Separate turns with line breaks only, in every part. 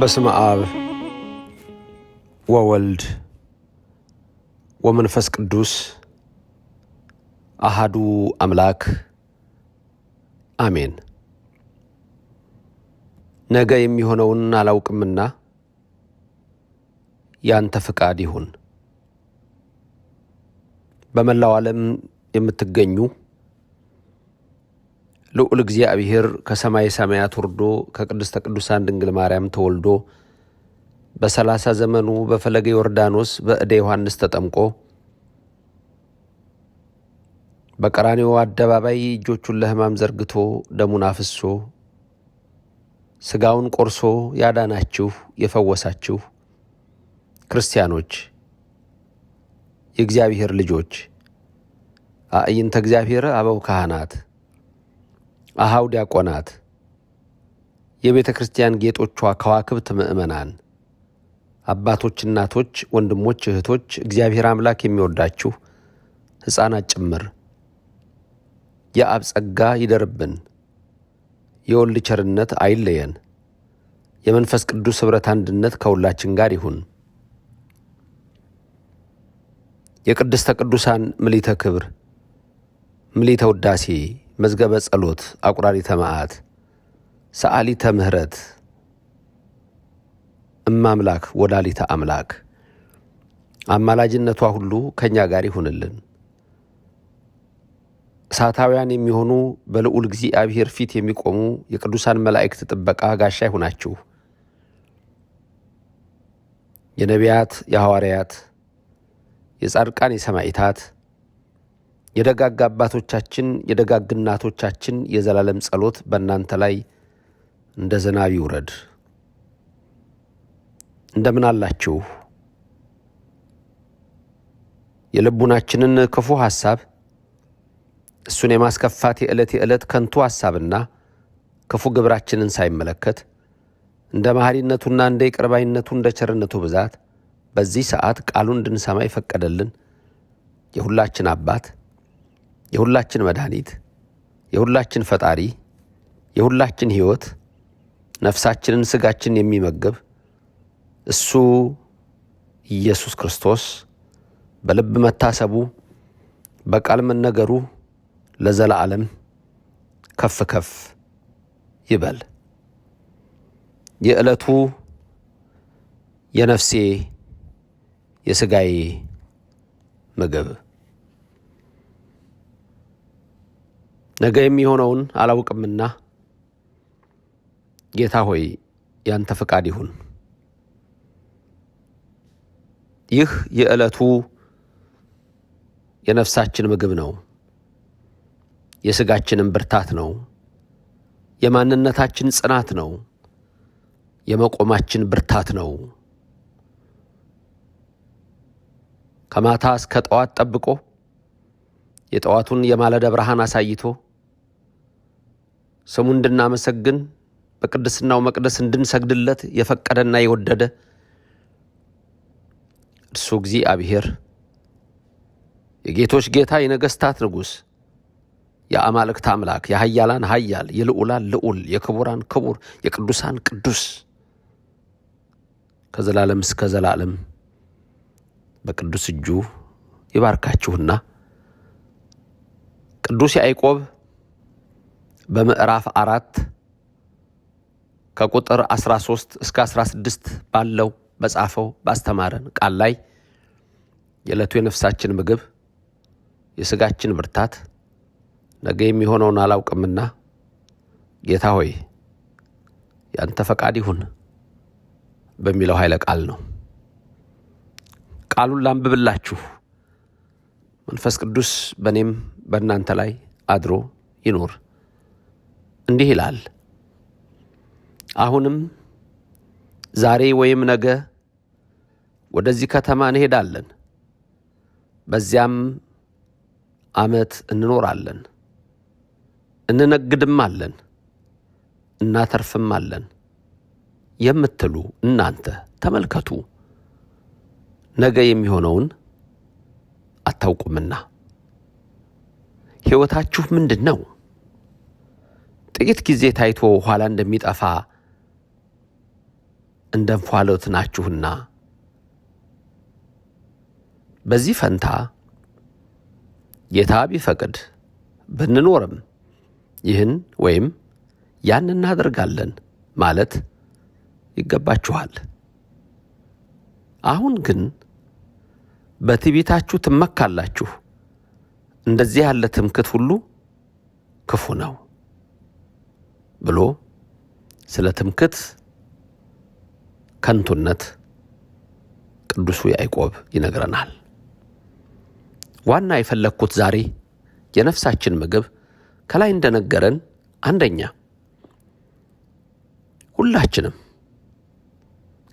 በስመ አብ ወወልድ ወመንፈስ ቅዱስ አሃዱ አምላክ አሜን። ነገ የሚሆነውን አላውቅምና ያንተ ፍቃድ ይሁን። በመላው ዓለም የምትገኙ ልዑል እግዚአብሔር ከሰማይ ሰማያት ወርዶ ከቅድስተ ቅዱሳን ድንግል ማርያም ተወልዶ በሰላሳ ዘመኑ በፈለገ ዮርዳኖስ በእደ ዮሐንስ ተጠምቆ በቀራኔው አደባባይ እጆቹን ለሕማም ዘርግቶ ደሙን አፍሶ ሥጋውን ቆርሶ ያዳናችሁ የፈወሳችሁ ክርስቲያኖች የእግዚአብሔር ልጆች አእይንተ እግዚአብሔር አበው ካህናት አሃው ዲያቆናት፣ የቤተ ክርስቲያን ጌጦቿ ከዋክብት ምእመናን፣ አባቶች፣ እናቶች፣ ወንድሞች፣ እህቶች፣ እግዚአብሔር አምላክ የሚወዳችሁ ሕፃናት ጭምር የአብ ጸጋ ይደርብን፣ የወልድ ቸርነት አይለየን፣ የመንፈስ ቅዱስ ኅብረት አንድነት ከሁላችን ጋር ይሁን። የቅድስተ ቅዱሳን ምሊተ ክብር ምሊተ ውዳሴ መዝገበ ጸሎት አቁራሪተ መዓት ሰዓሊተ ምሕረት እማምላክ ወላዲተ አምላክ አማላጅነቷ ሁሉ ከእኛ ጋር ይሁንልን። እሳታውያን የሚሆኑ በልዑል እግዚአብሔር ፊት የሚቆሙ የቅዱሳን መላእክት ጥበቃ ጋሻ ይሁናችሁ። የነቢያት፣ የሐዋርያት፣ የጻድቃን፣ የሰማዕታት የደጋግ አባቶቻችን የደጋግ እናቶቻችን የዘላለም ጸሎት በእናንተ ላይ እንደ ዝናብ ይውረድ። እንደምን አላችሁ? የልቡናችንን ክፉ ሐሳብ እሱን የማስከፋት የዕለት የዕለት ከንቱ ሐሳብና ክፉ ግብራችንን ሳይመለከት እንደ መሐሪነቱና እንደ ይቅርባይነቱ እንደ ቸርነቱ ብዛት በዚህ ሰዓት ቃሉን እንድንሰማ ይፈቀደልን የሁላችን አባት የሁላችን መድኃኒት፣ የሁላችን ፈጣሪ፣ የሁላችን ሕይወት፣ ነፍሳችንን ስጋችንን የሚመግብ እሱ ኢየሱስ ክርስቶስ በልብ መታሰቡ በቃል መነገሩ ለዘላለም ከፍ ከፍ ይበል። የዕለቱ የነፍሴ የሥጋዬ ምግብ ነገ የሚሆነውን አላውቅምና ጌታ ሆይ ያንተ ፈቃድ ይሁን። ይህ የዕለቱ የነፍሳችን ምግብ ነው፣ የሥጋችንም ብርታት ነው፣ የማንነታችን ጽናት ነው፣ የመቆማችን ብርታት ነው። ከማታ እስከ ጠዋት ጠብቆ የጠዋቱን የማለደ ብርሃን አሳይቶ ስሙ እንድናመሰግን በቅድስናው መቅደስ እንድንሰግድለት የፈቀደና የወደደ እርሱ እግዚአብሔር የጌቶች ጌታ የነገሥታት ንጉሥ የአማልክት አምላክ የሀያላን ሀያል የልዑላን ልዑል የክቡራን ክቡር የቅዱሳን ቅዱስ ከዘላለም እስከ ዘላለም በቅዱስ እጁ ይባርካችሁና ቅዱስ ያዕቆብ በምዕራፍ አራት ከቁጥር 13 እስከ 16 ባለው በጻፈው ባስተማረን ቃል ላይ የዕለቱ የነፍሳችን ምግብ የሥጋችን ብርታት፣ ነገ የሚሆነውን አላውቅምና ጌታ ሆይ ያንተ ፈቃድ ይሁን በሚለው ኃይለ ቃል ነው። ቃሉን ላንብብላችሁ። መንፈስ ቅዱስ በእኔም በእናንተ ላይ አድሮ ይኖር እንዲህ ይላል፣ አሁንም ዛሬ ወይም ነገ ወደዚህ ከተማ እንሄዳለን፣ በዚያም ዓመት እንኖራለን፣ እናተርፍም አለን የምትሉ እናንተ ተመልከቱ፣ ነገ የሚሆነውን አታውቁምና ሕይወታችሁ ምንድን ነው? ጥቂት ጊዜ ታይቶ ኋላ እንደሚጠፋ እንደ እንፋሎት ናችሁና በዚህ ፈንታ ጌታ ቢፈቅድ ብንኖርም ይህን ወይም ያን እናደርጋለን ማለት ይገባችኋል። አሁን ግን በትዕቢታችሁ ትመካላችሁ። እንደዚህ ያለ ትምክት ሁሉ ክፉ ነው። ብሎ ስለ ትምክት ከንቱነት ቅዱሱ ያዕቆብ ይነግረናል። ዋና የፈለግኩት ዛሬ የነፍሳችን ምግብ ከላይ እንደነገረን አንደኛ ሁላችንም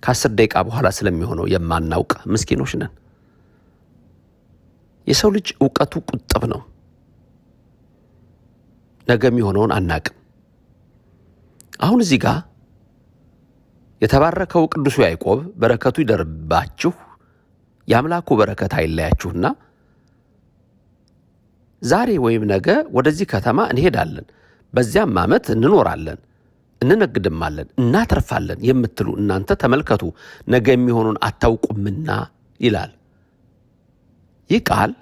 ከአስር ደቂቃ በኋላ ስለሚሆነው የማናውቅ ምስኪኖች ነን። የሰው ልጅ እውቀቱ ቁጥብ ነው። ነገ የሚሆነውን አናቅም። አሁን እዚህ ጋር የተባረከው ቅዱሱ ያዕቆብ በረከቱ ይደርባችሁ የአምላኩ በረከት አይለያችሁና ዛሬ ወይም ነገ ወደዚህ ከተማ እንሄዳለን፣ በዚያም ዓመት እንኖራለን፣ እንነግድማለን፣ እናተርፋለን የምትሉ እናንተ ተመልከቱ፣ ነገ የሚሆኑን አታውቁምና ይላል። ይህ ቃል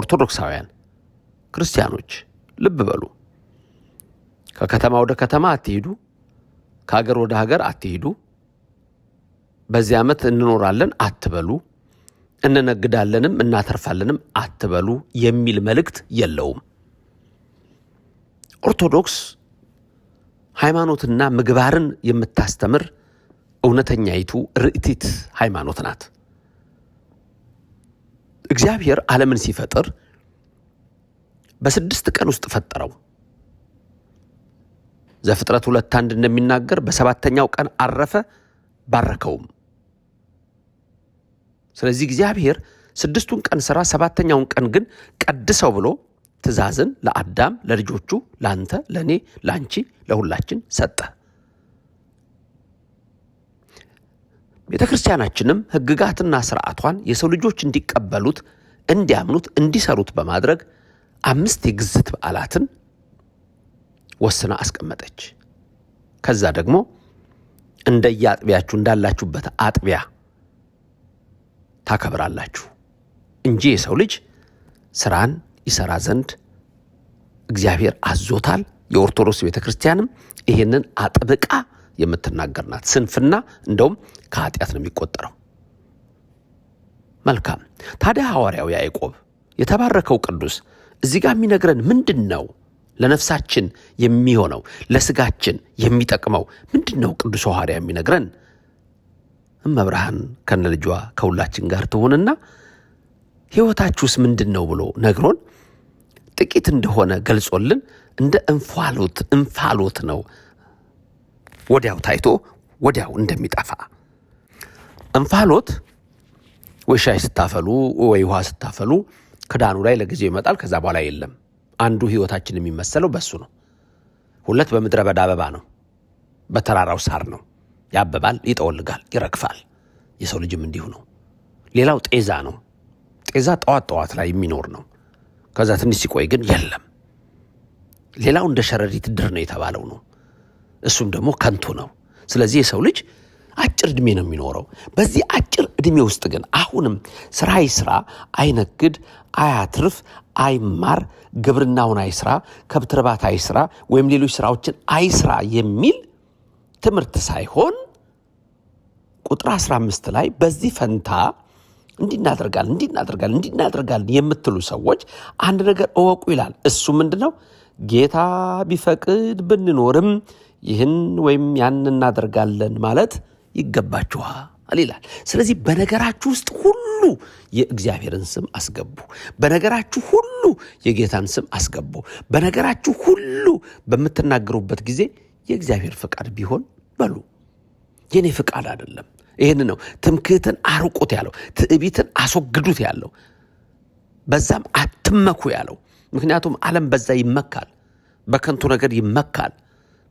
ኦርቶዶክሳውያን ክርስቲያኖች ልብ በሉ። ከከተማ ወደ ከተማ አትሄዱ፣ ከሀገር ወደ ሀገር አትሄዱ፣ በዚህ ዓመት እንኖራለን አትበሉ፣ እንነግዳለንም እናተርፋለንም አትበሉ የሚል መልእክት የለውም። ኦርቶዶክስ ሃይማኖትና ምግባርን የምታስተምር እውነተኛይቱ ርእቲት ሃይማኖት ናት። እግዚአብሔር ዓለምን ሲፈጥር በስድስት ቀን ውስጥ ፈጠረው። ዘፍጥረት ሁለት አንድ እንደሚናገር በሰባተኛው ቀን አረፈ፣ ባረከውም። ስለዚህ እግዚአብሔር ስድስቱን ቀን ስራ ሰባተኛውን ቀን ግን ቀድሰው ብሎ ትእዛዝን ለአዳም ለልጆቹ፣ ለአንተ፣ ለእኔ፣ ለአንቺ፣ ለሁላችን ሰጠ። ቤተ ክርስቲያናችንም ሕግጋትና ስርዓቷን የሰው ልጆች እንዲቀበሉት፣ እንዲያምኑት፣ እንዲሰሩት በማድረግ አምስት የግዝት በዓላትን ወስና አስቀመጠች። ከዛ ደግሞ እንደየአጥቢያችሁ እንዳላችሁበት አጥቢያ ታከብራላችሁ እንጂ የሰው ልጅ ስራን ይሰራ ዘንድ እግዚአብሔር አዞታል። የኦርቶዶክስ ቤተ ክርስቲያንም ይህንን አጥብቃ የምትናገር ናት። ስንፍና እንደውም ከኃጢአት ነው የሚቆጠረው። መልካም ታዲያ ሐዋርያው ያዕቆብ የተባረከው ቅዱስ እዚህ ጋር የሚነግረን ምንድን ነው? ለነፍሳችን የሚሆነው ለስጋችን የሚጠቅመው ምንድን ነው? ቅዱስ ሐዋርያ የሚነግረን እመብርሃን ከነ ልጇ ከሁላችን ጋር ትሆንና ሕይወታችሁስ ምንድን ነው ብሎ ነግሮን ጥቂት እንደሆነ ገልጾልን እንደ እንፋሎት እንፋሎት ነው ወዲያው ታይቶ ወዲያው እንደሚጠፋ እንፋሎት ወይ ሻይ ስታፈሉ ወይ ውሃ ስታፈሉ ክዳኑ ላይ ለጊዜው ይመጣል። ከዛ በኋላ የለም። አንዱ ህይወታችን የሚመሰለው በሱ ነው። ሁለት በምድረ በዳ አበባ ነው፣ በተራራው ሳር ነው። ያበባል፣ ይጠወልጋል፣ ይረግፋል። የሰው ልጅም እንዲሁ ነው። ሌላው ጤዛ ነው። ጤዛ ጠዋት ጠዋት ላይ የሚኖር ነው። ከዛ ትንሽ ሲቆይ ግን የለም። ሌላው እንደ ሸረሪት ድር ነው የተባለው ነው። እሱም ደግሞ ከንቱ ነው። ስለዚህ የሰው ልጅ አጭር እድሜ ነው የሚኖረው። በዚህ አጭር እድሜ ውስጥ ግን አሁንም ስራ ይስራ፣ አይነግድ፣ አያትርፍ፣ አይማር፣ ግብርናውን አይስራ፣ ከብት እርባታ አይስራ፣ ወይም ሌሎች ስራዎችን አይስራ የሚል ትምህርት ሳይሆን ቁጥር 15 ላይ በዚህ ፈንታ እንዲናደርጋል እንዲናደርጋል እንዲናደርጋል የምትሉ ሰዎች አንድ ነገር እወቁ ይላል። እሱ ምንድ ነው? ጌታ ቢፈቅድ ብንኖርም ይህን ወይም ያን እናደርጋለን ማለት ይገባችኋል። ይጠቅማል ይላል። ስለዚህ በነገራችሁ ውስጥ ሁሉ የእግዚአብሔርን ስም አስገቡ። በነገራችሁ ሁሉ የጌታን ስም አስገቡ። በነገራችሁ ሁሉ በምትናገሩበት ጊዜ የእግዚአብሔር ፈቃድ ቢሆን በሉ። የእኔ ፈቃድ አይደለም። ይህን ነው ትምክህትን አርቁት ያለው፣ ትዕቢትን አስወግዱት ያለው፣ በዛም አትመኩ ያለው። ምክንያቱም ዓለም በዛ ይመካል፣ በከንቱ ነገር ይመካል፣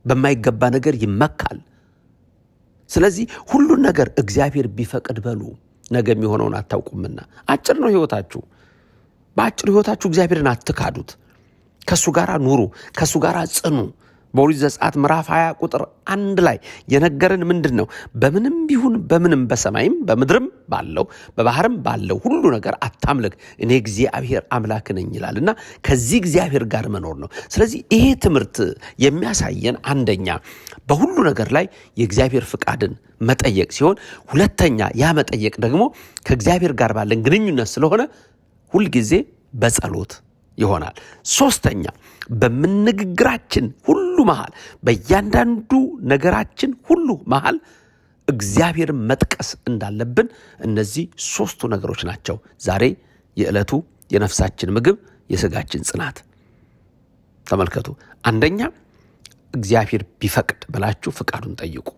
በማይገባ ነገር ይመካል። ስለዚህ ሁሉን ነገር እግዚአብሔር ቢፈቅድ በሉ። ነገ የሚሆነውን አታውቁምና አጭር ነው ህይወታችሁ በአጭር ህይወታችሁ እግዚአብሔርን አትካዱት። ከእሱ ጋር ኑሩ፣ ከእሱ ጋር ጽኑ። በኦሪት ዘጸአት ምዕራፍ 20 ቁጥር አንድ ላይ የነገረን ምንድን ነው? በምንም ቢሆን በምንም በሰማይም በምድርም ባለው በባህርም ባለው ሁሉ ነገር አታምልክ፣ እኔ እግዚአብሔር አምላክ ነኝ ይላል እና ከዚህ እግዚአብሔር ጋር መኖር ነው። ስለዚህ ይሄ ትምህርት የሚያሳየን አንደኛ በሁሉ ነገር ላይ የእግዚአብሔር ፍቃድን መጠየቅ ሲሆን፣ ሁለተኛ ያ መጠየቅ ደግሞ ከእግዚአብሔር ጋር ባለን ግንኙነት ስለሆነ ሁልጊዜ በጸሎት ይሆናል። ሶስተኛ በምንግግራችን ሁሉ መሃል በእያንዳንዱ ነገራችን ሁሉ መሃል እግዚአብሔርን መጥቀስ እንዳለብን እነዚህ ሶስቱ ነገሮች ናቸው። ዛሬ የዕለቱ የነፍሳችን ምግብ የስጋችን ጽናት ተመልከቱ። አንደኛ እግዚአብሔር ቢፈቅድ ብላችሁ ፍቃዱን ጠይቁ።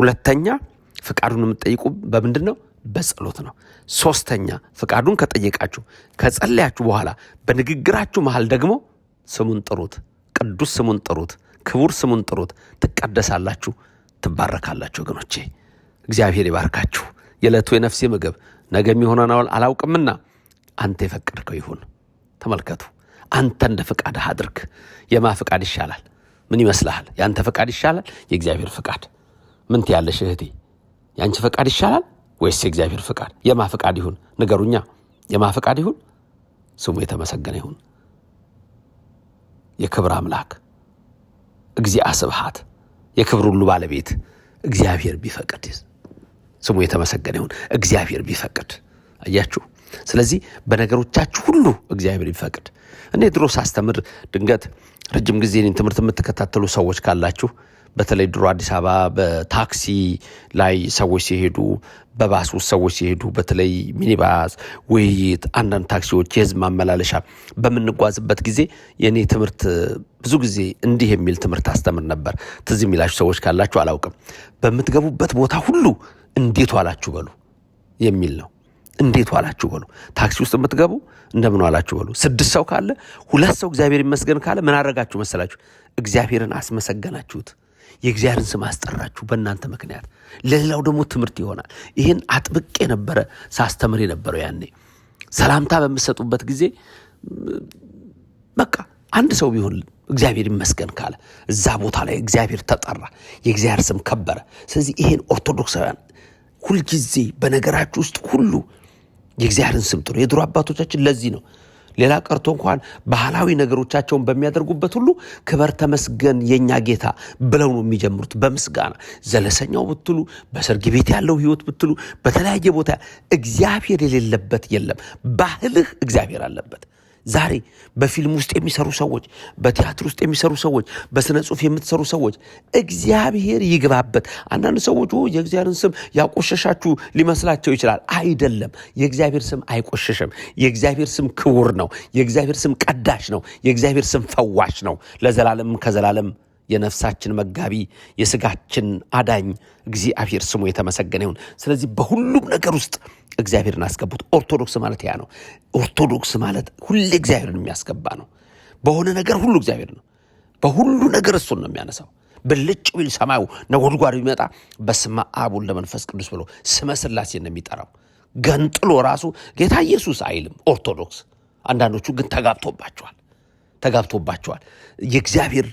ሁለተኛ ፍቃዱን የምትጠይቁ በምንድን ነው? በጸሎት ነው። ሶስተኛ ፍቃዱን ከጠየቃችሁ ከጸለያችሁ በኋላ በንግግራችሁ መሃል ደግሞ ስሙን ጥሩት፣ ቅዱስ ስሙን ጥሩት፣ ክቡር ስሙን ጥሩት። ትቀደሳላችሁ፣ ትባረካላችሁ። ወገኖቼ እግዚአብሔር ይባርካችሁ። የዕለቱ የነፍሴ ምግብ ነገ አውል አላውቅምና አንተ የፈቀድከው ይሁን። ተመልከቱ፣ አንተ እንደ ፍቃድህ አድርግ። የማ ፍቃድ ይሻላል? ምን ይመስልሃል? የአንተ ፍቃድ ይሻላል? የእግዚአብሔር ፍቃድ ምን ትያለሽ እህቴ? የአንቺ ፍቃድ ይሻላል ወይስ የእግዚአብሔር ፍቃድ? የማ ፍቃድ ይሁን ንገሩኛ። የማ ፍቃድ ይሁን? ስሙ የተመሰገነ ይሁን። የክብር አምላክ እግዚአ ስብሐት የክብር ሁሉ ባለቤት እግዚአብሔር ቢፈቅድ፣ ስሙ የተመሰገነ ይሁን። እግዚአብሔር ቢፈቅድ አያችሁ። ስለዚህ በነገሮቻችሁ ሁሉ እግዚአብሔር ቢፈቅድ። እኔ ድሮ ሳስተምር ድንገት ረጅም ጊዜ እኔን ትምህርት የምትከታተሉ ሰዎች ካላችሁ በተለይ ድሮ አዲስ አበባ በታክሲ ላይ ሰዎች ሲሄዱ፣ በባስ ውስጥ ሰዎች ሲሄዱ፣ በተለይ ሚኒባስ፣ ውይይት፣ አንዳንድ ታክሲዎች፣ የህዝብ ማመላለሻ በምንጓዝበት ጊዜ የእኔ ትምህርት ብዙ ጊዜ እንዲህ የሚል ትምህርት አስተምር ነበር። ትዝ የሚላችሁ ሰዎች ካላችሁ አላውቅም። በምትገቡበት ቦታ ሁሉ እንዴት ዋላችሁ በሉ የሚል ነው። እንዴት ዋላችሁ በሉ። ታክሲ ውስጥ የምትገቡ እንደምን ዋላችሁ በሉ። ስድስት ሰው ካለ ሁለት ሰው እግዚአብሔር ይመስገን ካለ ምን አድረጋችሁ መሰላችሁ? እግዚአብሔርን አስመሰገናችሁት። የእግዚአብሔርን ስም አስጠራችሁ በእናንተ ምክንያት። ለሌላው ደግሞ ትምህርት ይሆናል። ይህን አጥብቄ ነበረ ሳስተምር የነበረው ያኔ ሰላምታ በምሰጡበት ጊዜ በቃ አንድ ሰው ቢሆን እግዚአብሔር ይመስገን ካለ እዛ ቦታ ላይ እግዚአብሔር ተጠራ፣ የእግዚአብሔር ስም ከበረ። ስለዚህ ይህን ኦርቶዶክሳውያን ሁልጊዜ በነገራችሁ ውስጥ ሁሉ የእግዚአብሔርን ስም ጥሩ። የድሮ አባቶቻችን ለዚህ ነው ሌላ ቀርቶ እንኳን ባህላዊ ነገሮቻቸውን በሚያደርጉበት ሁሉ ክበር ተመስገን የኛ ጌታ ብለው ነው የሚጀምሩት በምስጋና ዘለሰኛው ብትሉ በሰርግ ቤት ያለው ህይወት ብትሉ በተለያየ ቦታ እግዚአብሔር የሌለበት የለም። ባህልህ እግዚአብሔር አለበት። ዛሬ በፊልም ውስጥ የሚሰሩ ሰዎች፣ በቲያትር ውስጥ የሚሰሩ ሰዎች፣ በስነ ጽሁፍ የምትሰሩ ሰዎች እግዚአብሔር ይግባበት። አንዳንድ ሰዎች የእግዚአብሔርን ስም ያቆሸሻችሁ ሊመስላቸው ይችላል። አይደለም። የእግዚአብሔር ስም አይቆሸሽም። የእግዚአብሔር ስም ክቡር ነው። የእግዚአብሔር ስም ቀዳሽ ነው። የእግዚአብሔር ስም ፈዋሽ ነው። ለዘላለም ከዘላለም የነፍሳችን መጋቢ የስጋችን አዳኝ እግዚአብሔር ስሙ የተመሰገነ ይሁን። ስለዚህ በሁሉም ነገር ውስጥ እግዚአብሔርን አስገቡት። ኦርቶዶክስ ማለት ያ ነው። ኦርቶዶክስ ማለት ሁሌ እግዚአብሔርን የሚያስገባ ነው። በሆነ ነገር ሁሉ እግዚአብሔር ነው። በሁሉ ነገር እሱን ነው የሚያነሳው። ብልጭ ቢል ሰማዩ ነጎድጓድ ቢመጣ በስመ አብ ወወልድ ወመንፈስ ቅዱስ ብሎ ስመ ነው የሚጠራው። ገንጥሎ ራሱ ጌታ ኢየሱስ አይልም ኦርቶዶክስ። አንዳንዶቹ ግን ተጋብቶባቸዋል ተጋብቶባቸዋል የእግዚአብሔር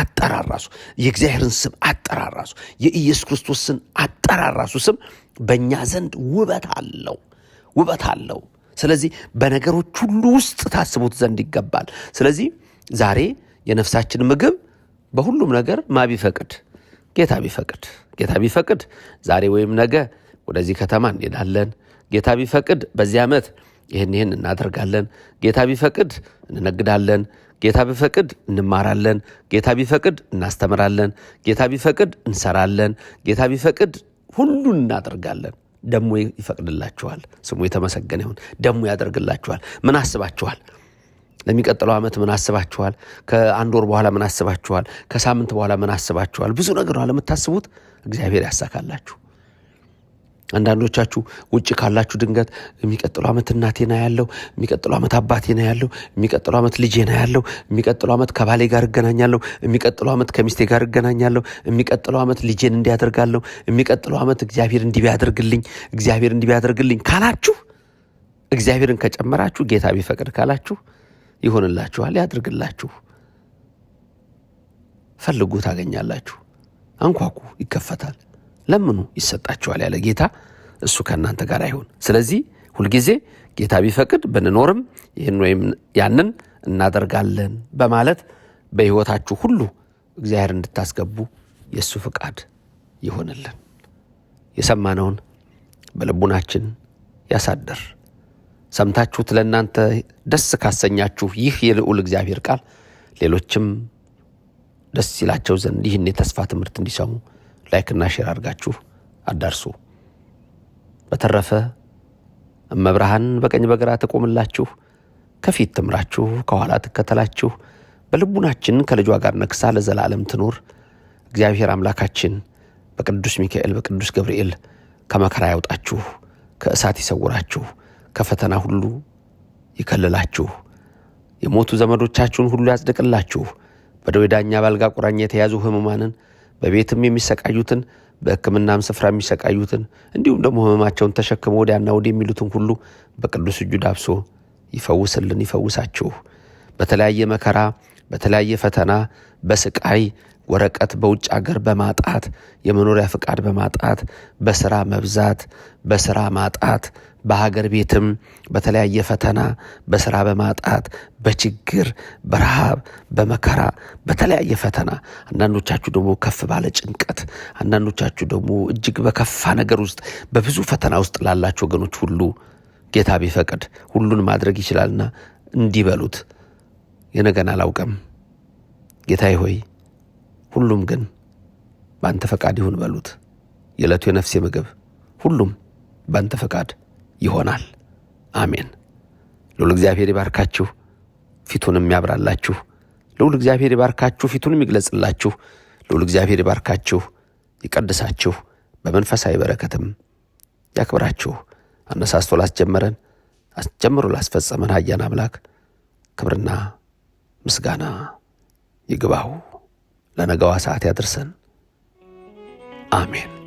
አጠራር ራሱ የእግዚአብሔርን ስም አጠራር ራሱ የኢየሱስ ክርስቶስን አጠራር ራሱ ስም በእኛ ዘንድ ውበት አለው፣ ውበት አለው። ስለዚህ በነገሮች ሁሉ ውስጥ ታስቡት ዘንድ ይገባል። ስለዚህ ዛሬ የነፍሳችን ምግብ በሁሉም ነገር ማ ቢፈቅድ ጌታ ቢፈቅድ ጌታ ቢፈቅድ ዛሬ ወይም ነገ ወደዚህ ከተማ እንሄዳለን። ጌታ ቢፈቅድ በዚህ ዓመት ይህን ይህን እናደርጋለን። ጌታ ቢፈቅድ እንነግዳለን። ጌታ ቢፈቅድ እንማራለን። ጌታ ቢፈቅድ እናስተምራለን። ጌታ ቢፈቅድ እንሰራለን። ጌታ ቢፈቅድ ሁሉን እናደርጋለን። ደሞ ይፈቅድላችኋል። ስሙ የተመሰገነ ይሁን። ደሞ ያደርግላችኋል። ምን አስባችኋል? ለሚቀጥለው ዓመት ምን አስባችኋል? ከአንድ ወር በኋላ ምን አስባችኋል? ከሳምንት በኋላ ምን አስባችኋል? ብዙ ነገር ለምታስቡት እግዚአብሔር ያሳካላችሁ። አንዳንዶቻችሁ ውጭ ካላችሁ ድንገት የሚቀጥለው ዓመት እናቴ ና ያለው የሚቀጥለው ዓመት አባቴ ና ያለው የሚቀጥለው ዓመት ልጄና ያለው የሚቀጥለው ዓመት ከባሌ ጋር እገናኛለሁ የሚቀጥለው ዓመት ከሚስቴ ጋር እገናኛለሁ የሚቀጥለው ዓመት ልጄን እንዲያደርጋለሁ የሚቀጥለው ዓመት እግዚአብሔር እንዲህ ቢያደርግልኝ እግዚአብሔር እንዲህ ቢያደርግልኝ ካላችሁ እግዚአብሔርን ከጨመራችሁ ጌታ ቢፈቅድ ካላችሁ ይሆንላችኋል፣ ያድርግላችሁ። ፈልጉ፣ ታገኛላችሁ። አንኳኩ፣ ይከፈታል። ለምኑ ይሰጣችኋል ያለ ጌታ እሱ ከእናንተ ጋር አይሆን። ስለዚህ ሁልጊዜ ጌታ ቢፈቅድ ብንኖርም ይህን ወይም ያንን እናደርጋለን በማለት በሕይወታችሁ ሁሉ እግዚአብሔር እንድታስገቡ የእሱ ፍቃድ ይሆንልን። የሰማነውን በልቡናችን ያሳድር። ሰምታችሁት ለእናንተ ደስ ካሰኛችሁ ይህ የልዑል እግዚአብሔር ቃል ሌሎችም ደስ ይላቸው ዘንድ ይህን የተስፋ ትምህርት እንዲሰሙ እና ሼር አድርጋችሁ አዳርሱ። በተረፈ እመብርሃን በቀኝ በግራ ትቆምላችሁ፣ ከፊት ትምራችሁ፣ ከኋላ ትከተላችሁ፣ በልቡናችን ከልጇ ጋር ነግሳ ለዘላለም ትኑር። እግዚአብሔር አምላካችን በቅዱስ ሚካኤል በቅዱስ ገብርኤል ከመከራ ያውጣችሁ፣ ከእሳት ይሰውራችሁ፣ ከፈተና ሁሉ ይከልላችሁ፣ የሞቱ ዘመዶቻችሁን ሁሉ ያጽድቅላችሁ፣ በደዌ ዳኛ ባልጋ ቁራኛ የተያዙ ህሙማንን በቤትም የሚሰቃዩትን በሕክምናም ስፍራ የሚሰቃዩትን እንዲሁም ደግሞ ሕመማቸውን ተሸክሞ ወዲያና ወዲህ የሚሉትን ሁሉ በቅዱስ እጁ ዳብሶ ይፈውስልን፣ ይፈውሳችሁ። በተለያየ መከራ፣ በተለያየ ፈተና፣ በስቃይ ወረቀት በውጭ ሀገር በማጣት የመኖሪያ ፍቃድ በማጣት በስራ መብዛት በስራ ማጣት በሀገር ቤትም በተለያየ ፈተና በስራ በማጣት በችግር በረሃብ በመከራ በተለያየ ፈተና አንዳንዶቻችሁ ደግሞ ከፍ ባለ ጭንቀት አንዳንዶቻችሁ ደግሞ እጅግ በከፋ ነገር ውስጥ በብዙ ፈተና ውስጥ ላላችሁ ወገኖች ሁሉ ጌታ ቢፈቅድ ሁሉን ማድረግ ይችላልና እንዲበሉት የነገን አላውቅም ጌታዬ ሆይ ሁሉም ግን ባንተ ፈቃድ ይሁን በሉት። የዕለቱ የነፍሴ ምግብ ሁሉም ባንተ ፈቃድ ይሆናል። አሜን። ልዑል እግዚአብሔር ይባርካችሁ፣ ፊቱንም ያብራላችሁ። ልዑል እግዚአብሔር ይባርካችሁ፣ ፊቱንም ይግለጽላችሁ። ልዑል እግዚአብሔር ይባርካችሁ፣ ይቀድሳችሁ፣ በመንፈሳዊ በረከትም ያክብራችሁ። አነሳስቶ ላስጀመረን አስጀምሮ ላስፈጸመን ኃያል አምላክ ክብርና ምስጋና ይግባው። ለነገዋ ሰዓት ያድርሰን። አሜን።